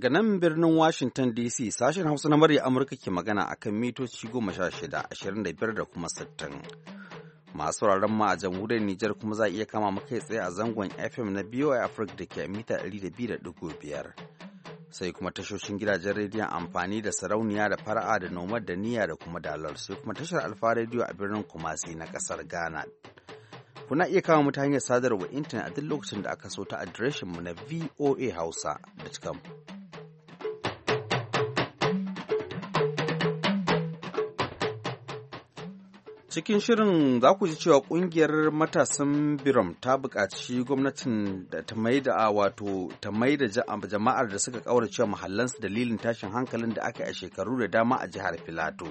Daga nan birnin Washington DC sashen Hausa na murya Amurka ke magana a kan mitoci goma sha shida, ashirin da biyar da kuma sittin. Masu sauraron ma a jamhuriyar Nijar kuma za a iya kama mu kai tsaye a zangon FM na BOA Africa da ke mita 200.5. da biyu Sai kuma tashoshin gidajen rediyon amfani da sarauniya da fara'a da nomad da niyya da kuma dalar sai kuma tashar alfa rediyo a birnin Kumasi na ƙasar Ghana. kuna iya kama mu ta hanyar sadarwa intanet a duk lokacin da aka so ta adireshin mu na voa hausa.com. cikin shirin za ku ji cewa kungiyar matasan biram ta buƙaci gwamnatin da ta maida wato ta maida jama'ar da suka cewa mahallansu dalilin tashin hankalin da aka yi a shekaru da dama a jihar filato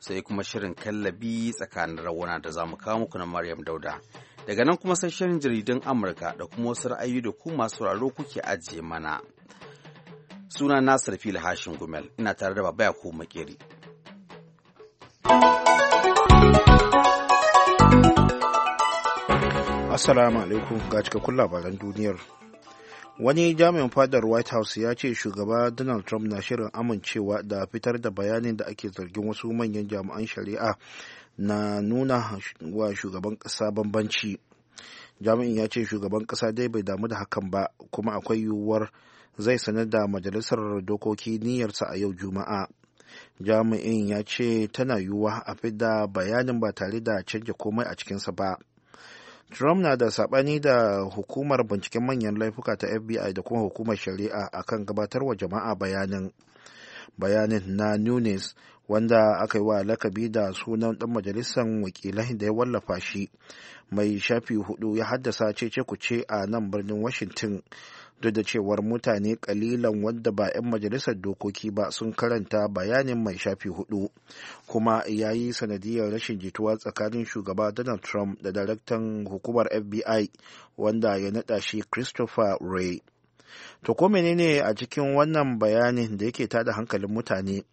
sai kuma shirin kallabi tsakanin rawuna da za mu kawo muku na maryam dauda daga nan kuma sai shirin jaridun amurka da kuma wasu ra'ayi da ku masu sauraro kuke ajiye mana suna nasir fil hashin gumel ina tare da baba ya ko makeri Assalamu alaikum ga cikakkun labaran duniyar. Wani jami'in fadar White House ya ce shugaba Donald Trump na shirin amincewa da fitar da bayanin da ake zargin wasu manyan jami'an shari'a na nuna wa shugaban kasa bambanci. Jami'in ya ce shugaban ƙasa dai bai damu da hakan ba kuma akwai yiwuwar zai sanar da majalisar dokoki niyyarsa a yau Juma'a. Jami'in ya ce tana yiwuwa a fi da bayanin ba tare da canja komai a cikinsa ba. Trump na da saɓani da hukumar binciken manyan laifuka ta FBI da kuma hukumar shari'a a akan wa jama'a bayanin bayanin na Nunes wanda aka yi wa lakabi da sunan ɗan majalisar wakilai da ya wallafa shi mai shafi hudu ya haddasa ce-ce ku ce a nan birnin Washington duk da cewar mutane kalilan wadda ba 'yan majalisar dokoki ba sun karanta bayanin mai shafi hudu kuma ya yi sanadiyar rashin jituwa tsakanin shugaba donald trump da daraktan hukumar fbi wanda ya nada shi christopher ray to ko menene a cikin wannan bayanin da yake tada hankalin mutane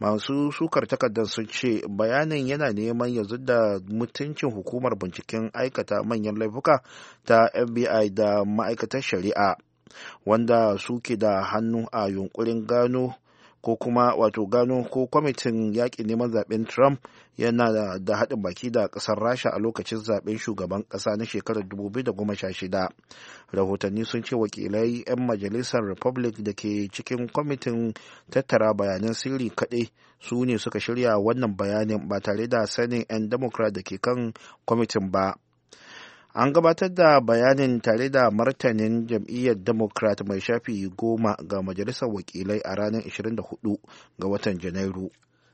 masu sukar takardar sun ce bayanin yana neman ya da mutuncin hukumar binciken aikata manyan laifuka ta fbi da ma'aikatar shari'a wanda suke da hannu a yunkurin gano ko kuma wato gano ko kwamitin yaƙin neman zaben trump yana da haɗin baki da ƙasar rasha a lokacin zaben shugaban ƙasa na shekarar 2016 rahotanni sun ce wakilai 'yan majalisar republic da ke cikin kwamitin tattara bayanan sirri kaɗai su ne suka shirya wannan bayanin ba tare da sanin 'yan democrat da ke kan kwamitin ba an gabatar da bayanin tare da martanin jam'iyyar democrat mai shafi goma ga majalisar wakilai a ranar 24 ga watan janairu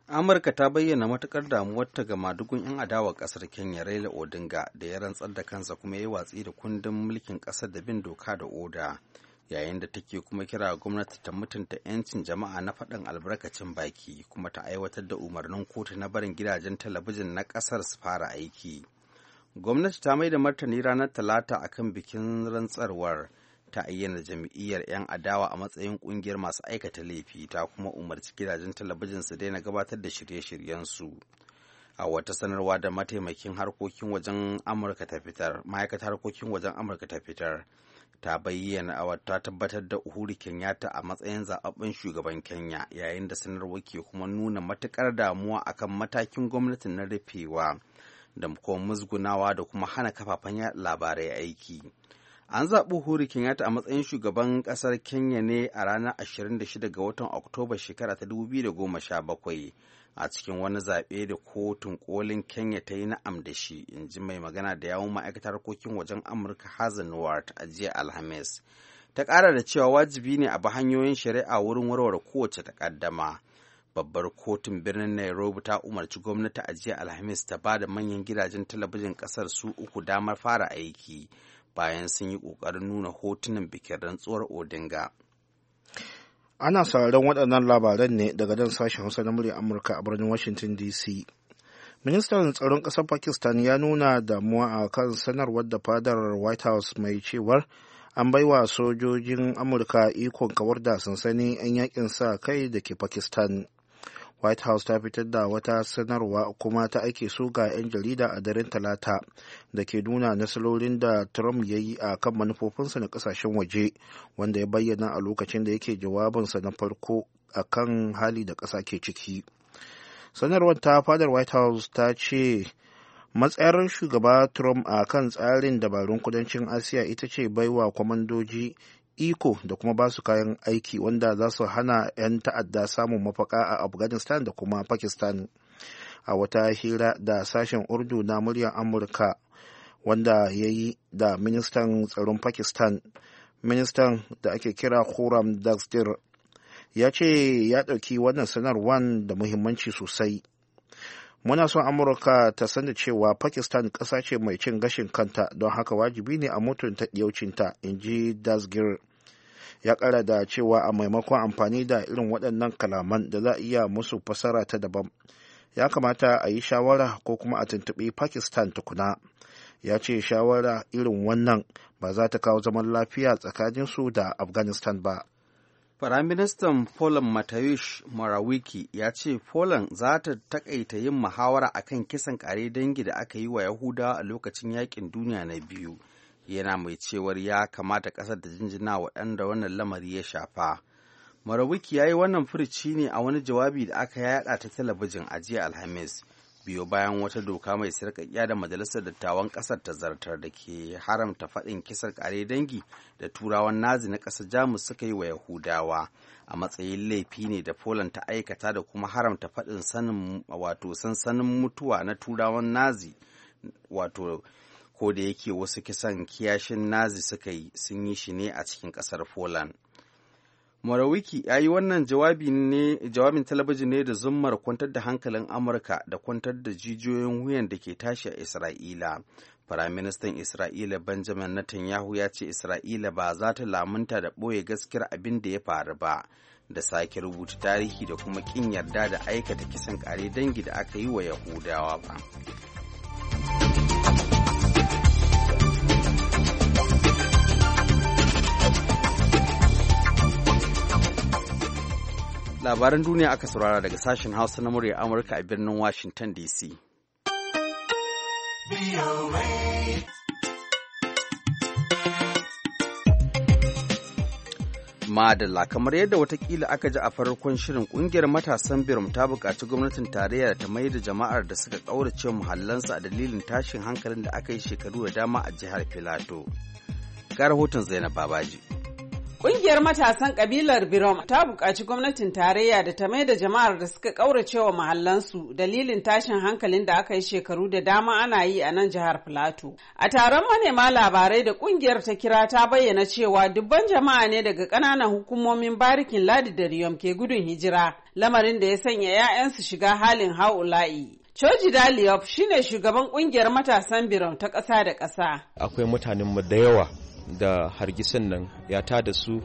amurka ta bayyana matukar damuwarta ga madugun 'yan adawar kasar kenya raila odinga da ya rantsar da kansa kuma ya yi watsi da kundin mulkin kasar da bin doka da oda yayin da take kuma kira gwamnati ta mutunta 'yancin jama'a na faɗin albarkacin baki kuma ta aiwatar da umarnin kotu na barin gidajen talabijin na ƙasar su fara aiki gwamnati ta mai da martani ranar talata akan bikin rantsarwar ta ayyana jam'iyyar 'yan adawa a matsayin kungiyar masu aikata laifi ta kuma umarci gidajen talabijin su daina gabatar da shirye-shiryensu a wata sanarwa da mataimakin harkokin wajen amurka ta fitar ma'aikatar harkokin wajen amurka ta fitar ta bayyana a wata tabbatar da uhuru kenyatta a matsayin zaɓaɓɓen shugaban kenya yayin da sanarwar ke kuma nuna matuƙar damuwa akan matakin gwamnatin na rufewa da kuma musgunawa da kuma hana kafafen labarai aiki. An zaɓi huri Kenyatta a matsayin shugaban ƙasar Kenya ne a ranar 26 ga watan Oktoba shekara ta 2017 a cikin wani zaɓe da kotun kolin Kenya ta yi na'am da shi, in ji mai magana da yawun ma'aikatar harkokin wajen Amurka Hazen Ward a jiya Alhamis. Ta ƙara da cewa wajibi ne a bi hanyoyin shari'a wurin warware kowace takaddama. babbar kotun birnin nairobi ta umarci gwamnati a jiya alhamis ta ba da manyan gidajen talabijin kasar su uku damar fara aiki bayan sun yi ƙoƙarin nuna hotunan bikin rantsuwar odinga ana sauraron waɗannan labaran ne daga dan sashen hausa na murya amurka a birnin washington dc ministan tsaron ƙasar pakistan ya nuna damuwa a kan sanarwar da fadar white house mai cewar an bai wa sojojin amurka ikon kawar da sansani 'yan yakin sa kai da ke pakistan white house ta fitar da wata sanarwa kuma ta ake so ga 'yan jarida a daren talata da ke nuna nasarorin da trump ya yi a kan manufofinsa na kasashen waje wanda ya bayyana a lokacin da yake jawabinsa na farko a kan hali da ƙasa ke ciki sanarwar ta fadar white house ta ce matsayar shugaba trump a kan tsarin dabarun kudancin asiya ita ce baiwa kwamandoji iko da kuma ba su kayan aiki wanda za su hana 'yan ta'adda samun mafaka a afghanistan da kuma pakistan a wata hira da sashen urdu na muryar amurka wanda ya yi da ministan tsaron pakistan ministan da ake kira khurram dastir ya ce ya ɗauki wannan sanarwan da muhimmanci sosai muna son amurka ta sanda cewa pakistan ƙasa ce mai cin gashin kanta don haka wajibi ne a mutunta ɗiyaucinta in ji dasgir ya kara da cewa a maimakon amfani da irin waɗannan kalaman da za a iya musu fasara ta daban ya kamata a yi shawara ko kuma a tuntuɓi pakistan tukuna ya ce shawara irin wannan ba za ta kawo zaman lafiya tsakanin su da afghanistan ba Firaministan Poland Mateusz Morawiecki ya ce Poland za ta takaita yin muhawara akan kisan kare dangi da aka yi wa Yahudawa a lokacin yakin duniya na biyu. yana mai cewar ya kamata ƙasar da jinjina waɗanda wannan lamari ya shafa marawiki ya yi wannan furici ne a wani jawabi da aka yaɗa ta talabijin a jiya alhamis biyo bayan wata doka mai sarƙaƙiya da majalisar dattawan ƙasar ta zartar da ke haramta faɗin kisar ƙare dangi da turawan nazi na ƙasar jamus suka yi wa yahudawa a matsayin laifi ne da poland ta aikata da kuma haramta faɗin sanin sansanin mutuwa na turawan nazi wato ko da yake wasu kisan kiyashin nazi suka yi sun yi shi ne a cikin ƙasar poland Morawiki ya yi wannan jawabin talabijin ne da zummar kwantar da hankalin Amurka da kwantar da jijiyoyin wuyan da ke tashi a Isra'ila. Firaministan Isra'ila Benjamin Netanyahu ya ce Isra'ila ba za ta lamunta da ɓoye gaskiyar abin da ya faru ba, da sake rubuta tarihi da kuma ƙin yarda da aikata kisan kare dangi da aka yi wa Yahudawa ba. Labaran duniya aka saurara daga sashen Hausa na murya Amurka a birnin Washington DC. Madalla kamar yadda watakila aka ji a farkon shirin kungiyar matasan biram ta buƙaci gwamnatin tarayya ta mayar da jama'ar da suka ƙaurace muhallansa a dalilin tashin hankalin da aka yi shekaru da dama a jihar Filato. Ga rahoton Zainab Babaji. Ƙungiyar matasan ƙabilar Birom ta buƙaci gwamnatin tarayya da ta mai da jama'ar da suka ƙaurace wa mahallansu dalilin tashin hankalin da aka yi shekaru da dama ana yi a nan jihar Filato. A taron manema labarai da ƙungiyar ta kira ta bayyana cewa dubban jama'a ne daga ƙananan hukumomin barikin Ladi da Riyom ke gudun hijira, lamarin da ya sanya 'ya'yansu shiga halin ha'ula'i. Choji Daliop shine shugaban ƙungiyar matasan Birom ta ƙasa da ƙasa. Akwai mutanen mu da yawa da hargitsin nan ya ta da su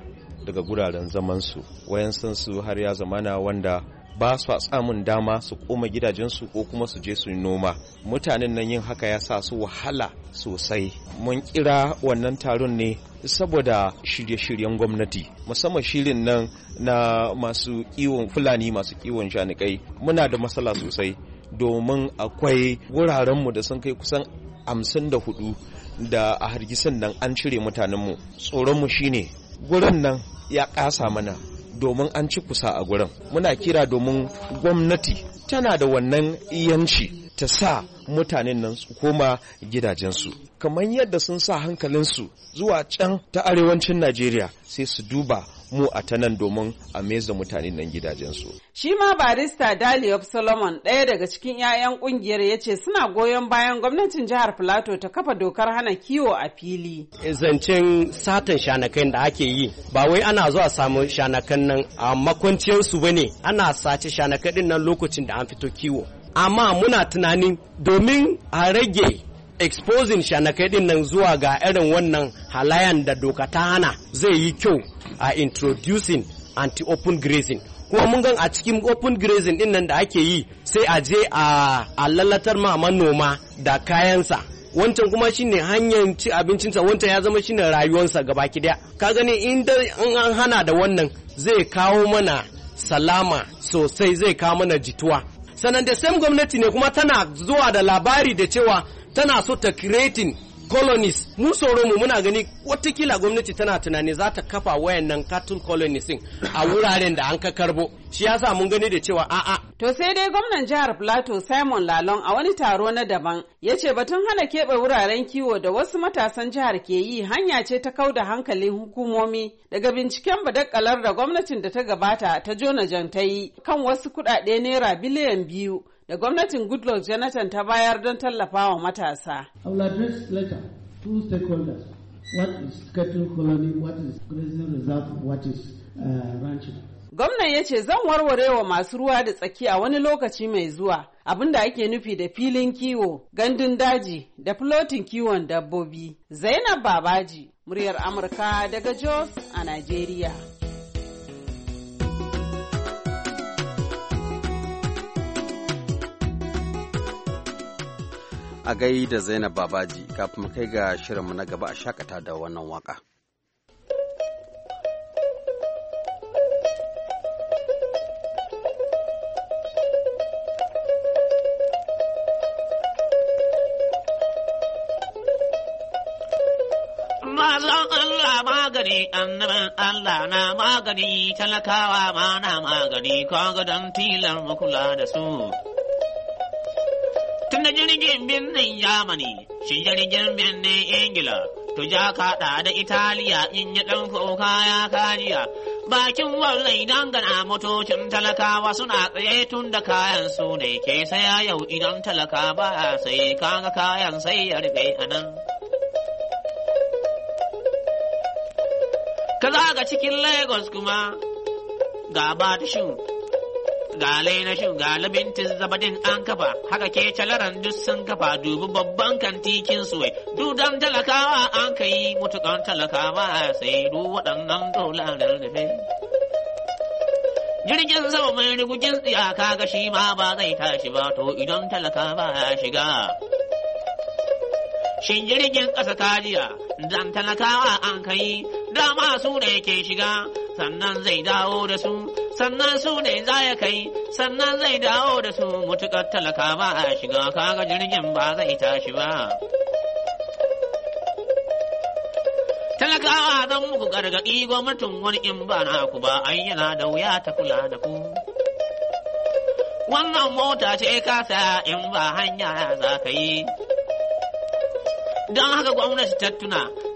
daga guraren zamansu wayansan su har ya zamana wanda ba su samun dama su koma gidajensu ko kuma su je su noma mutanen nan yin haka ya sa su wahala sosai mun kira wannan taron ne saboda shirye-shiryen gwamnati musamman shirin nan na masu kiwon fulani masu kiwon shanikai muna da matsala sosai domin akwai wurarenmu da sun kai kusan hamsin da hudu da a hargitsin nan an cire mutanenmu tsoronmu shine gurin nan ya ƙasa mana domin an ci kusa a gurin muna kira domin gwamnati tana da wannan yanci ta sa mutanen nan su koma gidajensu kamar yadda sun sa hankalinsu zuwa can ta arewacin najeriya sai su duba mu a ta nan domin a meza mutane nan gidajensu. Shi ma barista Daliop Solomon ɗaya daga cikin 'ya'yan ƙungiyar ya ce suna goyon bayan gwamnatin jihar Filato ta kafa dokar hana kiwo a fili. Eh, zancen satan shanakan da ake yi ba wai ana zuwa samu shanakan nan a makwanciyarsu ba ne ana sace shanakan ɗin nan lokacin da an fito kiwo. Amma muna tunanin domin a rage exposing shanakai ɗin nan zuwa ga irin wannan halayan da doka ta hana zai yi kyau A introducing anti-open grazing kuma mun gan a cikin open grazing din nan da ake yi sai a je a lalatar ma manoma da kayansa wancan kuma shine hanyar ci abincinsa wancan ya zama shine rayuwarsa gabaki daya ka gani in an hana da wannan zai kawo mana salama sosai zai kawo mana jituwa sannan da same gwamnati ne kuma tana zuwa da labari da cewa tana so ta creating colonies mun tsoro mu muna gani watakila gwamnati tana tunani za ta kafa wayannan cattle colonies a wuraren da an ka karbo shi yasa mun gani da cewa a'a to sai dai gwamnan jihar Plateau Simon Lalon a wani taro na daban ya ce batun hana keɓe wuraren kiwo da wasu matasan jihar ke yi hanya ce ta kau da hankalin hukumomi daga binciken badakkalar da gwamnatin da ta gabata ta Jona Jan ta yi kan wasu kuɗaɗe naira biliyan biyu da gwamnatin Goodluck Jonathan ta bayar don tallafa wa matasa. Uh, Gwamnan ya ce zan warware wa masu ruwa da tsaki a wani lokaci mai zuwa abin ake nufi da filin kiwo, gandun daji da filotin kiwon dabbobi. Zainab Babaji, muryar Amurka daga Jos a Najeriya. a gai da Zainab Babaji kafin mu kai ga shirinmu na gaba a shakata da wannan waka. Mazan Allah magani, na magani, talakawa ma na magani, kwa don tilar kula da su. jirgin birnin Yamani, shi jirgin birnin Ingila, to ja kaɗa da Italiya in ya ɗan kuka ya kariya. Bakin wallai dangana motocin talakawa suna tsaye tun da kayan su ne ke saya yau idan talaka ba sai kaga kayan sai ya rufe a nan. Ka cikin Lagos kuma ga Batishin ga na ga labintin zabadin an kafa haka ke calaran duk sun kafa dubu, babban kantikin suwai dudan talakawa an ka yi mutukan talakawa sai du waɗannan dolar da jirgin sama mai rigujin tsiyaka ga shi ma ba zai tashi ba to idan talakawa ya shiga shin jirgin ƙasa kajiya dan talakawa an kai dama su da yake shiga sannan zai dawo da su sannan su ne za ya kai sannan zai dawo da su mutukar talaka ba a shiga kaga jirgin ba zai tashi ba talakawa zan muku gargaɗi gwamnatin wani in ba na ku ba ai yana da wuya ta kula da ku wannan mota ce ka saya in ba hanya za ka yi don haka gwamnati ta tuna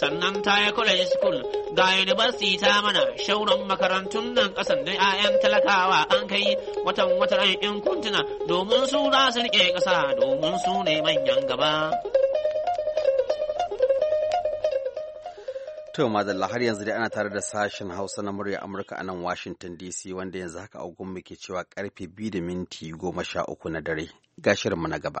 sannan ta yi college school ga university ta mana shauran makarantun nan kasan da 'ya'yan talakawa an kai watan watan in kuntuna domin su za su rike kasa domin su ne manyan gaba To madalla har yanzu dai ana tare da sashen Hausa na murya Amurka a nan Washington DC wanda yanzu haka mu ke cewa karfe biyu da minti goma sha uku na dare. Ga mu na gaba.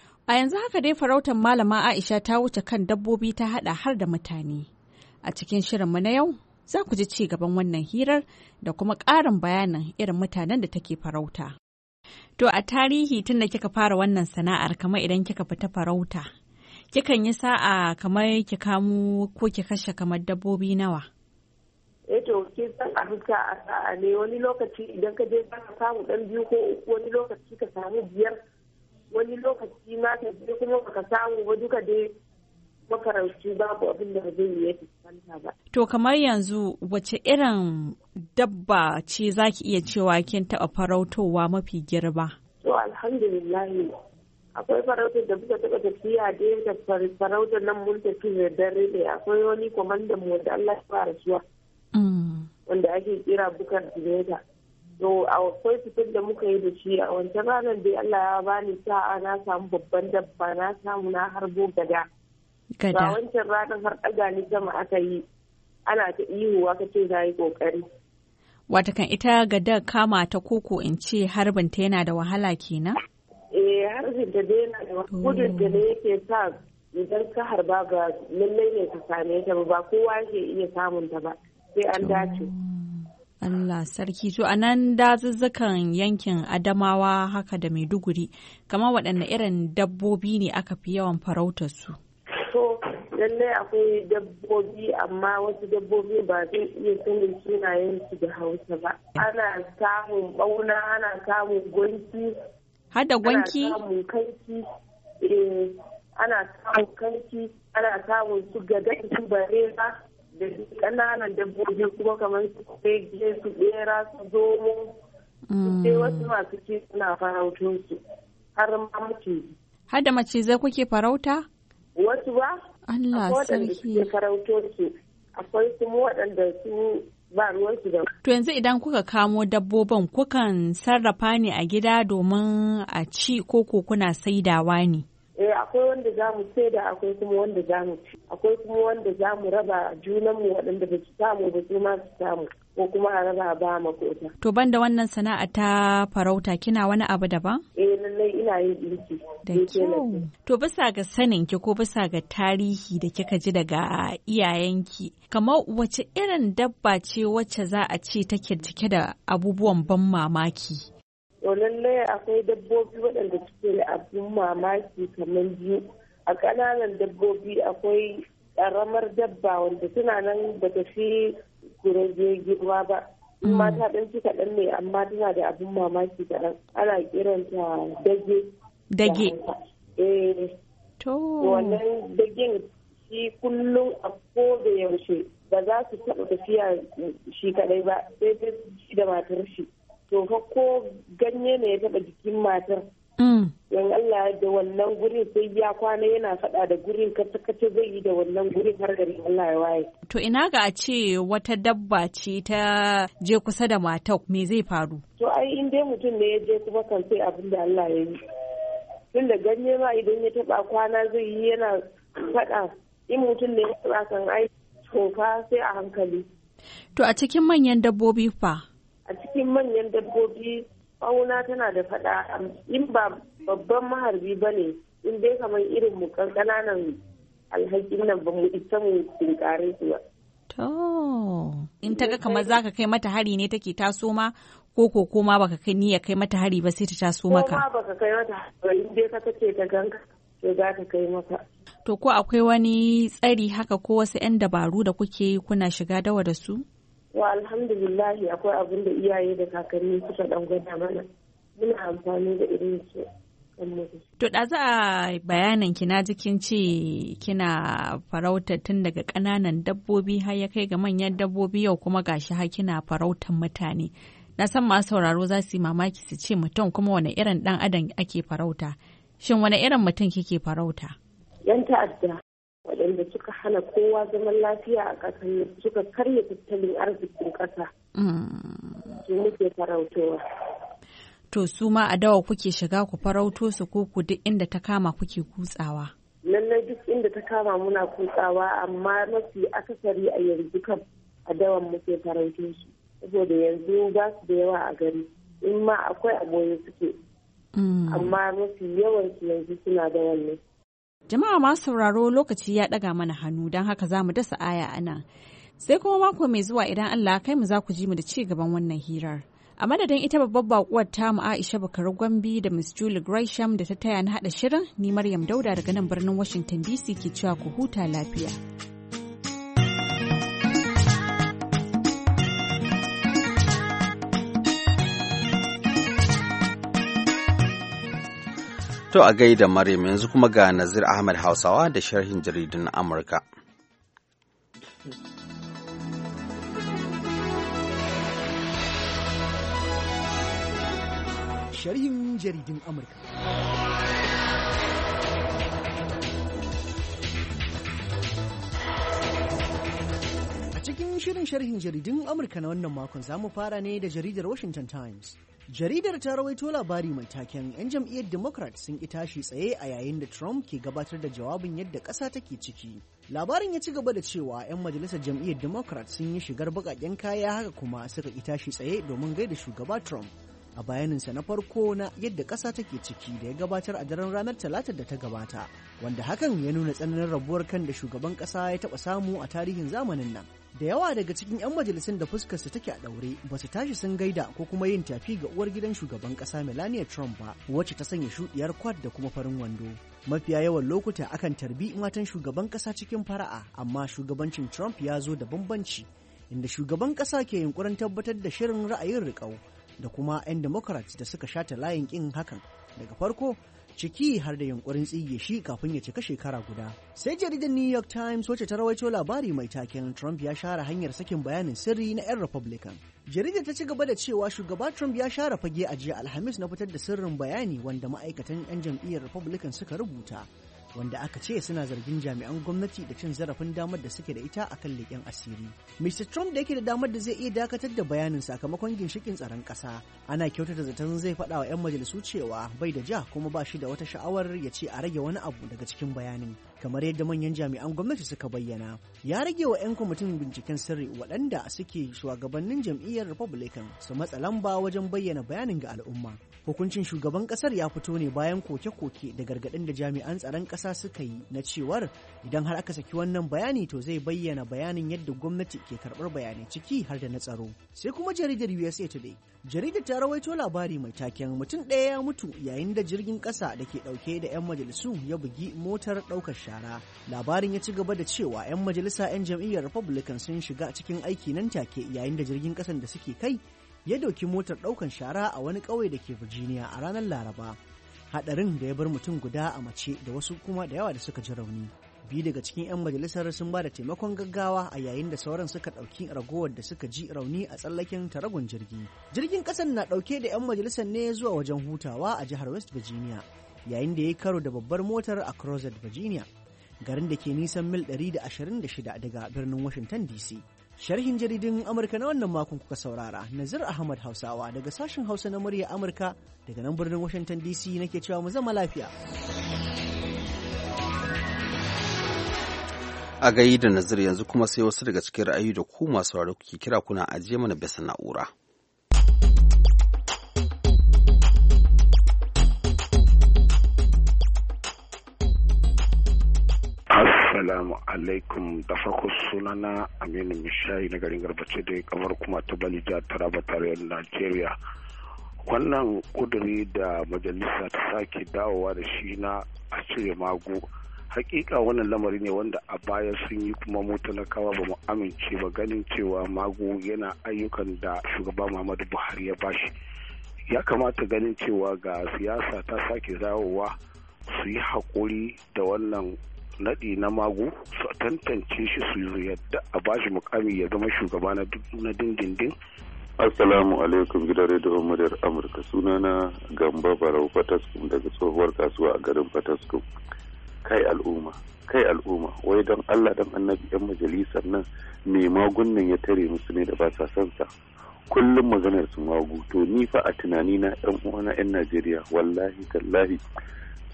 A yanzu haka dai farautar Malama Aisha ta wuce kan dabbobi ta hada har da mutane. A cikin shirinmu na yau za ku ji ci gaban wannan hirar da kuma ƙarin bayanin irin mutanen da take farauta. To a tarihi tun da kika fara wannan sana'ar kamar idan kika fita farauta, kikan yi sa'a kamar ki kamu ko ki kashe kamar dabbobi nawa? eto eh ke san a fita a sa'a ne wani lokaci idan ka je ka samu dan biyu ko uku wani lokaci ka samu biyar wani lokaci ma ta je kuma baka samu ba duka dai makarantu babu abin da zai yi ya fuskanta ba. To kamar yanzu wace irin dabba ce za ki iya cewa kin taɓa farautowa mafi girba? To alhamdulillah akwai farautar da muka taɓa tafiya da farautar nan mun tafi da dare ne akwai wani kwamandan mu da Allah ya fara zuwa. Mm. Wanda ake kira bukar direta. so akwai fitar da muka yi da shi a wancan ranar dai Allah ya bani sa'a na samu babban dabba na samu na harbo gada ba wancan ranar har ɗaga ni sama aka yi ana ta ihu aka ce na yi ƙoƙari watakan ita gada kama ta koko in ce harbinta yana da wahala kenan eh harbinta dai yana da wahala oh. gudun da ne yake sa idan ka harba ga lallai ne ka same ta ba ba kowa yake iya samun ta ba sai an dace Allah sarki to a nan dazuzzukan yankin Adamawa haka da Maiduguri kamar waɗanne irin dabbobi ne aka fi yawan farautar su. To lallai akwai dabbobi amma wasu dabbobi ba zai iya sanin sunayen su da Hausa ba. Ana samun bauna ana samun gwanki. Hada gwanki? Ana samun kanki. Eh, ana samun kanki ana samun su gada su bare ba. da ƙananan dabbobi kuma kamar su kwege su bera su zomo mm. sai wasu masu ke suna farautun su har ma mutu. har da macizai kuke farauta wasu ba Allah sarki farauto su akwai kuma waɗanda su ba ruwan su da to yanzu idan kuka kamo dabbobin kukan sarrafa ne a gida domin a ci ko kuna saidawa ne eh akwai wanda za mu ce da akwai kuma wanda za mu ci akwai kuma wanda za mu raba junanmu waɗanda ba su samu ba su ma su samu ko kuma a raba ba makota. To ban da wannan sana'a ta farauta kina wani abu daban? Eh lallai ina yin dinki. Da To bisa ga sanin ki ko bisa ga tarihi da kika ji daga iyayenki kamar wace irin dabba ce wacce za a ce take cike da abubuwan ban mamaki? to akwai dabbobi waɗanda suke da abin mamaki kamar biyu a ƙananan dabbobi akwai ƙaramar dabba wanda tana nan ba ta fi kurege girma ba amma ta ɗan kaɗan ne amma tana da abin mamaki kaɗan ana kiranta dage dage eh. to wannan dagin shi kullum a ko da yaushe ba za su taɓa tafiya shi kaɗai ba sai dai shi da matar shi to ko ganye ne ya taba jikin matar yan mm. Allah da wannan gurin sai ya kwana yana faɗa da gurin kace zai yi da wannan gurin har gari Allah ya waye. To ina ga a ce wata dabba ce ta je kusa da matar me zai faru? To ai in dai mutum ne ya je kuma kan sai abin da Allah ya yi. Tun da ganye ma idan ya taɓa kwana zai yi yana faɗa in mutum ne ya taba kan ai to fa sai a hankali. To a cikin manyan dabbobi fa cikin manyan dabbobi auna tana da fada in ba babban maharbi ba ne in dai kamar irin mu ƙananan alhakin nan ba mu isa mu tinkare su ba. To, in ta ga kamar za ka kai mata hari ne take taso ma ko ko koma baka kai niyya kai mata hari ba sai ta taso maka. Koma baka kai mata hari in dai ka kace ta ganka to za ta kai maka. To ko akwai wani tsari haka ko wasu 'yan dabaru da kuke kuna shiga dawa da su? wa alhamdulillahi akwai abin da iyaye da kakanni suka dan gwada mana muna amfani da irin su To da za a bayanin kina jikin ce kina farauta tun daga ƙananan dabbobi har ya kai ga manyan dabbobi yau kuma gashi har kina farautan mutane. Na san ma sauraro za su yi mamaki su ce mutum kuma wani irin dan adam ake farauta. Shin wani irin mutum kike farauta? Yan ta'adda. waɗanda suka hana kowa zaman lafiya a ƙasar suka karya tattalin arzikin ƙasa mm. su muke farautowa to su ma a dawa kuke shiga ku farauto su ko ku duk inda ta kama kuke kutsawa lallai duk inda ta kama muna kutsawa amma mafi akasari a yanzu kan a dawan muke farauto su saboda yanzu ba su da yawa a gari in ma akwai a suke mm. amma mafi yawan su yanzu suna da wannan Jama'a ma sauraro lokaci ya ɗaga mana hannu don haka za mu dasa aya a nan. Sai kuma mako mai zuwa idan Allah kai mu za ku ji mu da ci gaban wannan hirar. A madadin ita babbar bakuwar tamu Aisha Bakar Gwambi da Miss Julie Gresham da ta taya na haɗa shirin, ni Maryam Dauda daga nan birnin Washington DC ke cewa ku huta lafiya. To a gaida Maryam yanzu kuma ga Nazir ahmed Hausawa da sharhin jaridun Amurka. Sharhin jaridun Amurka. cikin shirin sharhin jaridun Amurka na wannan makon za mu fara ne da jaridar Washington Times. Jaridar ta rawaito labari mai taken 'yan jam'iyyar Democrat sun ki tashi tsaye a yayin da Trump ke gabatar da jawabin yadda ƙasa take ciki. Labarin ya ci gaba da cewa 'yan majalisar jam'iyyar Democrat sun yi shigar baƙaƙen kaya haka kuma suka ki tashi tsaye domin gaida shugaba Trump. A bayaninsa na farko na yadda ƙasa take ciki da ya gabatar a daren ranar Talatar da ta gabata, wanda hakan ya nuna tsananin rabuwar kan da shugaban ƙasa ya taɓa samu a tarihin zamanin nan. da yawa daga cikin 'yan majalisun da fuskarsu take a ɗaure ba su tashi sun gaida ko kuma yin tafi ga uwar gidan shugaban ƙasa melania trump ba wacce ta sanya shuɗiyar kwad da kuma farin wando mafiya yawan lokuta akan tarbi matan shugaban ƙasa cikin fara'a amma shugabancin trump ya zo da bambanci inda shugaban ƙasa ke yunkurin tabbatar da shirin ra'ayin riƙau da kuma 'yan democrats da suka shata layin ƙin hakan daga farko ciki har da yunkurin tsige shi kafin ya cika shekara guda. Sai jaridar New York Times wacce ta rawaito labari mai taken Trump ya share hanyar sakin bayanin sirri na 'yan Republican. Jaridar ta ci gaba da cewa shugaba Trump ya share fage a jiya Alhamis na fitar da sirrin bayani wanda ma'aikatan 'yan jam'iyyar Republican suka rubuta wanda aka ce suna zargin jami'an gwamnati da cin zarafin damar da suke da ita akan leƙen asiri. Mr. Trump da yake da damar da zai iya dakatar da bayanin sakamakon ginshikin tsaron ƙasa, ana kyautata zaton zai faɗa wa 'yan majalisu cewa bai da ja kuma ba shi da wata sha'awar ya ce a rage wani abu daga cikin bayanin. kamar yadda manyan jami'an gwamnati suka bayyana ya rage wa 'yan kwamitin binciken sirri waɗanda suke shugabannin jam'iyyar republican su matsa lamba wajen bayyana bayanin ga al'umma hukuncin shugaban ƙasar ya fito ne bayan koke-koke da gargaɗin da jami'an tsaron ƙasa suka yi na cewar idan har aka saki wannan bayani to zai bayyana bayanin yadda gwamnati ke karɓar bayanai ciki har da na tsaro sai kuma jaridar usa today jaridar ta rawaito labari mai taken mutum ɗaya ya mutu yayin da jirgin ƙasa da ke ɗauke da 'yan majalisu ya bugi motar ɗaukar shara labarin ya ci gaba da cewa 'yan majalisa 'yan jam'iyyar republican sun shiga cikin aiki nan take yayin da jirgin kasan da suke kai ya dauki motar daukan shara a wani kauye da ke virginia a ranar laraba hadarin da ya bar mutum guda a mace da wasu kuma da yawa da suka ji rauni biyu daga cikin 'yan majalisar sun ba da taimakon gaggawa a yayin da sauran suka ɗauki ragowar da suka ji rauni a tsallaken taragon jirgi jirgin kasan na ɗauke da 'yan majalisar ne zuwa wajen hutawa a jihar west virginia yayin da ya karo da babbar motar a crozet virginia garin da ke nisan mil 126 daga birnin Washington DC. Sharhin jaridin Amurka na wannan makon kuka saurara, Nazir Ahmad Hausawa daga sashen Hausa na murya Amurka daga nan birnin Washington DC nake cewa mu zama lafiya. A gayi da Nazir yanzu kuma sai wasu daga cikin ra'ayi da ku masu kuke kira kuna ajiye mana bisa na'ura. Assalamu alaikum da farko sunana Aminu Mishayi na garin Garbace da kamar kuma ta banija Taraba tarayyar Najeriya. Wannan kuduri da majalisa ta sake dawowa da shi na a cire mago. Hakika wannan lamari ne wanda a baya sun yi kuma mu talakawa ba mu amince ba ganin cewa mago yana ayyukan da shugaba Muhammadu Buhari ya bashi. Ya kamata ganin cewa ga siyasa ta sake dawowa su yi haƙuri da wannan naɗi na magu su tantance shi su yadda a bashi mukami ya zama shugaba na dindindin Assalamu alaikum gidan rediyon muryar Amurka na Gamba Barau Fataskum daga tsohuwar kasuwa a garin Fataskum. Kai al'umma, kai al'umma, wai don Allah don annabi 'yan majalisar nan mai magunnan ya tare musu ne da ba sa Kullum maganar su magu, to ni fa a tunani na 'yan uwana 'yan Najeriya wallahi tallahi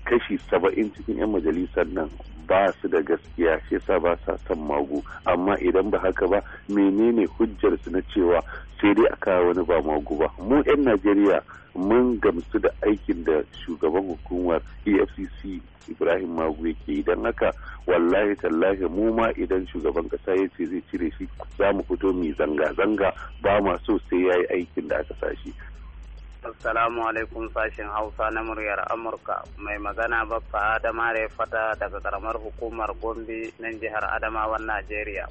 kashi saba'in cikin 'yan majalisar nan ba su da gaskiya shi yasa ba sa son magu amma idan ba haka ba menene hujjar su na cewa sai dai a kawo wani ba magu ba mu 'yan najeriya mun gamsu da aikin da shugaban hukumar efcc ibrahim magu yake idan haka wallahi tallahi mu ma idan shugaban kasa ya ce zai cire shi za mu fito mu zanga-zanga ba ma so sai ya yi aikin da aka sa Assalamu alaikum sashen Hausa na muryar Amurka mai magana babba Adama da fata daga karamar hukumar Gombe na jihar Adamawan Najeriya.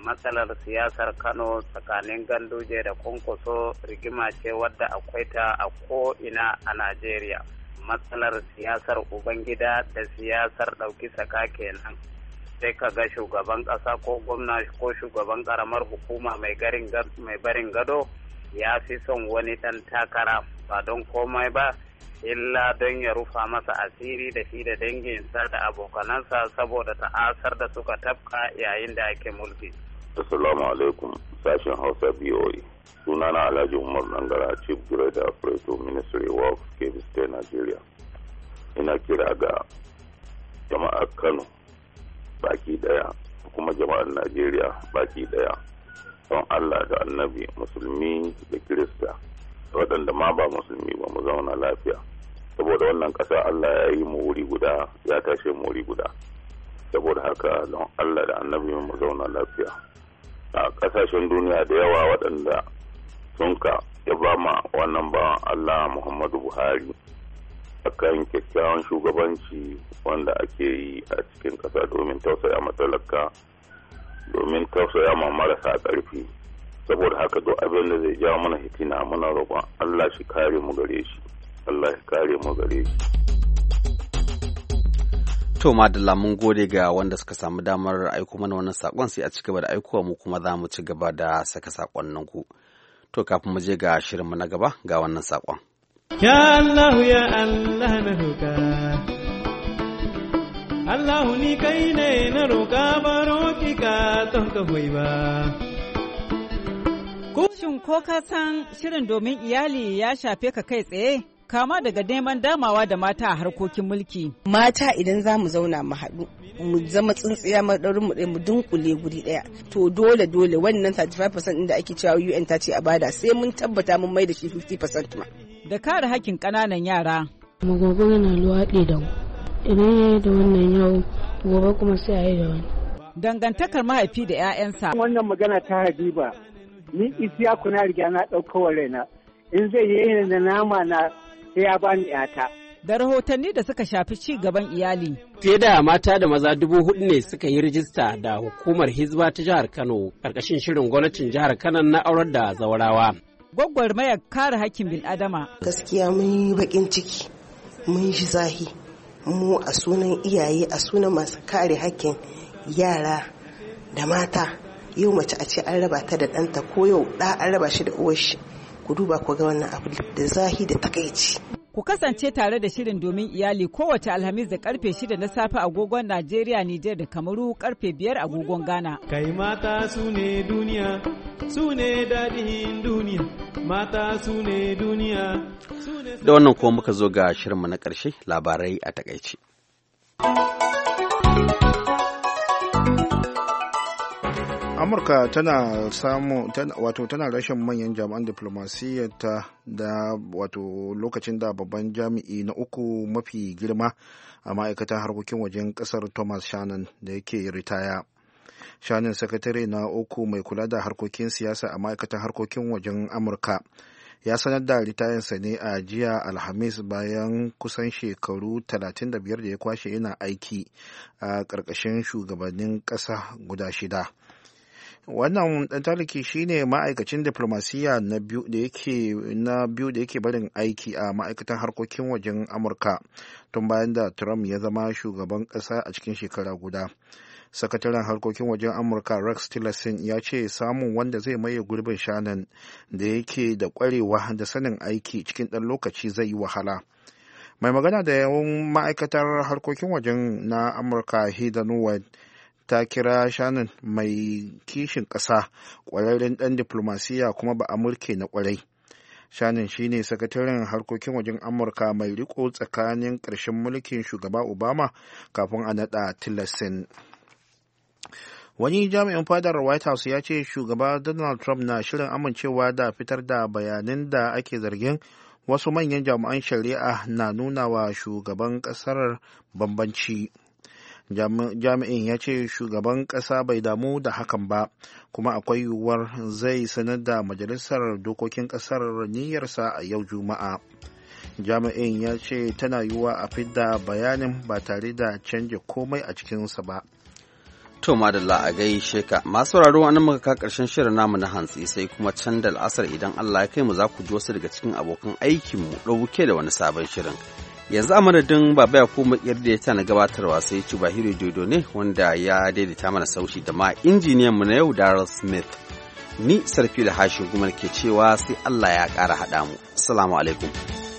Matsalar siyasar Kano tsakanin ganduje da kunkuso rigima ce wadda akwai ta a ko'ina a Najeriya. Matsalar siyasar Ubangida da siyasar ɗauki saka kenan. sai ka ga shugaban ƙasa ko gwamna ko shugaban ƙaramar hukuma mai barin gado ya fi son wani ɗan takara ba don komai ba illa don ya rufa masa asiri da shi da danginsa da abokanansa saboda ta'asar da suka tafka yayin da ake mulki. Assalamu alaikum sashen Hausa BOE. Sunana Alhaji Umar Nangara Chief Grader Preto Ministry of Kebbi State Nigeria. Ina kira ga jama'ar Kano baki daya kuma jama'ar Najeriya baki daya. don Allah da annabi musulmi da kirista waɗanda ma ba musulmi ba mu zauna lafiya saboda wannan ƙasa Allah ya yi mu wuri guda ya tashe mu wuri guda saboda haka don Allah da annabi mu zauna lafiya a ƙasashen duniya da yawa waɗanda sun ka ya ba ma wannan ba Allah Muhammadu Buhari akan kyakkyawan shugabanci wanda ake yi a cikin ƙasa domin tausaya matalaka domin tausaya ma marasa ƙarfi saboda haka duk abin da zai ja mana hitina muna roƙon Allah shi kare mu gare shi Allah shi kare mu gare shi To Madalla mun gode ga wanda suka samu damar aiko mana wannan sakon sai a ci da aikowa mu kuma za mu ci gaba da saka nan ku. To kafin mu je ga mu na gaba ga wannan sakon. Ya Allah ya Allah na hukara. Allah ni kai ne na roƙa baro ki ka ton ka hoyi ba. Shin ko ka san shirin domin iyali ya shafe ka kai tsaye? Kama daga neman damawa da mata a harkokin mulki. Mata idan za mu zauna mu haɗu, mu zama tsintsiya maɗaurin mu mu dunkule guri ɗaya. To dole dole wannan 35% da ake cewa UN ta ce a bada sai mun tabbata mun mai da shi 50% ma. Da kare hakkin ƙananan yara. Magogo yana luwaɗe da mu. idan ya yi da wannan yau gobe kuma sai a yi da wani dangantakar mahaifi da 'ya'yansa wannan magana ta habiba ni isiya kuna riga na ɗaukowar raina in zai yi da nama na sai ya bani 'yata da rahotanni da suka shafi ci gaban iyali. Fiye da mata da maza dubu hudu ne suka yi rijista da hukumar Hizba ta jihar Kano ƙarƙashin shirin gwamnatin jihar Kano na aurar da zawarawa. mayar kare hakkin bil'adama. Gaskiya mun yi baƙin ciki, mun shi zahi. mu a sunan iyaye a sunan masu kare hakkin yara da mata yau mace a ce an raba ta da ɗanta ko yau ɗa an raba shi da uwar shi ku duba ku ga wannan abu da zahi da takaici Ku kasance tare da shirin domin iyali kowace Alhamis da karfe 6 na safe agogon Najeriya, Nijar da Kamaru karfe 5 agogon Ghana. Kai mata su ne duniya, su ne daɗin duniya, mata su ne duniya. Da wannan kuma muka zo ga shirinmu na ƙarshe labarai a takaice. amurka tana samu wato tana rashin manyan jami'an ta da wato lokacin da babban jami'i na uku mafi girma a ma'aikatan harkokin wajen kasar thomas shannon da yake ritaya shannon sakatare na uku mai kula da harkokin siyasa a ma'aikatan harkokin wajen amurka ya sanar da ritayensa ne a jiya alhamis bayan kusan shekaru 35 da ya kwashe yana aiki a ƙarƙashin shugabannin ƙasa guda shida wannan dan taliki shine ma'aikacin diplomasiya na biyu da yake na biyu da yake barin aiki a ma'aikatan harkokin wajen amurka tun bayan da trump ya zama shugaban ƙasa a cikin shekara guda sakataren harkokin wajen amurka rex tillerson ya ce samun wanda zai maye gurbin shannon da yake da kwarewa da sanin aiki cikin ɗan lokaci zai yi wahala mai magana da yawan ma'aikatar harkokin wajen na amurka heather ta kira shanun mai kishin ƙasa ƙwararren ɗan diflomasiya kuma ba amurke na ƙwarai shanun shine sakataren harkokin wajen amurka mai riko tsakanin ƙarshen mulkin shugaba obama kafin a naɗa tillerson wani jami'in fadar white house ya ce shugaba donald trump na shirin amincewa da fitar da bayanan da ake zargin wasu manyan jami'an shari'a na nuna wa shugaban ƙasar bambanci jami'in ya ce shugaban ƙasa bai damu da hakan ba kuma akwai yiwuwar zai sanar da majalisar dokokin ƙasar niyyarsa a yau juma'a jami'in ya ce tana yiwuwa a fidda bayanin ba tare da canje komai a cikinsa ba To madalla a gaishe sheka masu wuraren an muka ka karshen shirin namu na hantsi sai kuma can da al'asar idan Allah ya kai mu za ku ji wasu daga cikin abokan aikinmu ɗauke da wani sabon shirin. yanzu a madadin baba ya kuma da ta na gabatarwa sai ci bahiru dodo ne wanda ya daidaita mana saushi da ma injiniyan mu na yau daryl smith ni sarfi da hashin gumar ke cewa sai allah ya ƙara haɗa mu assalamu alaikum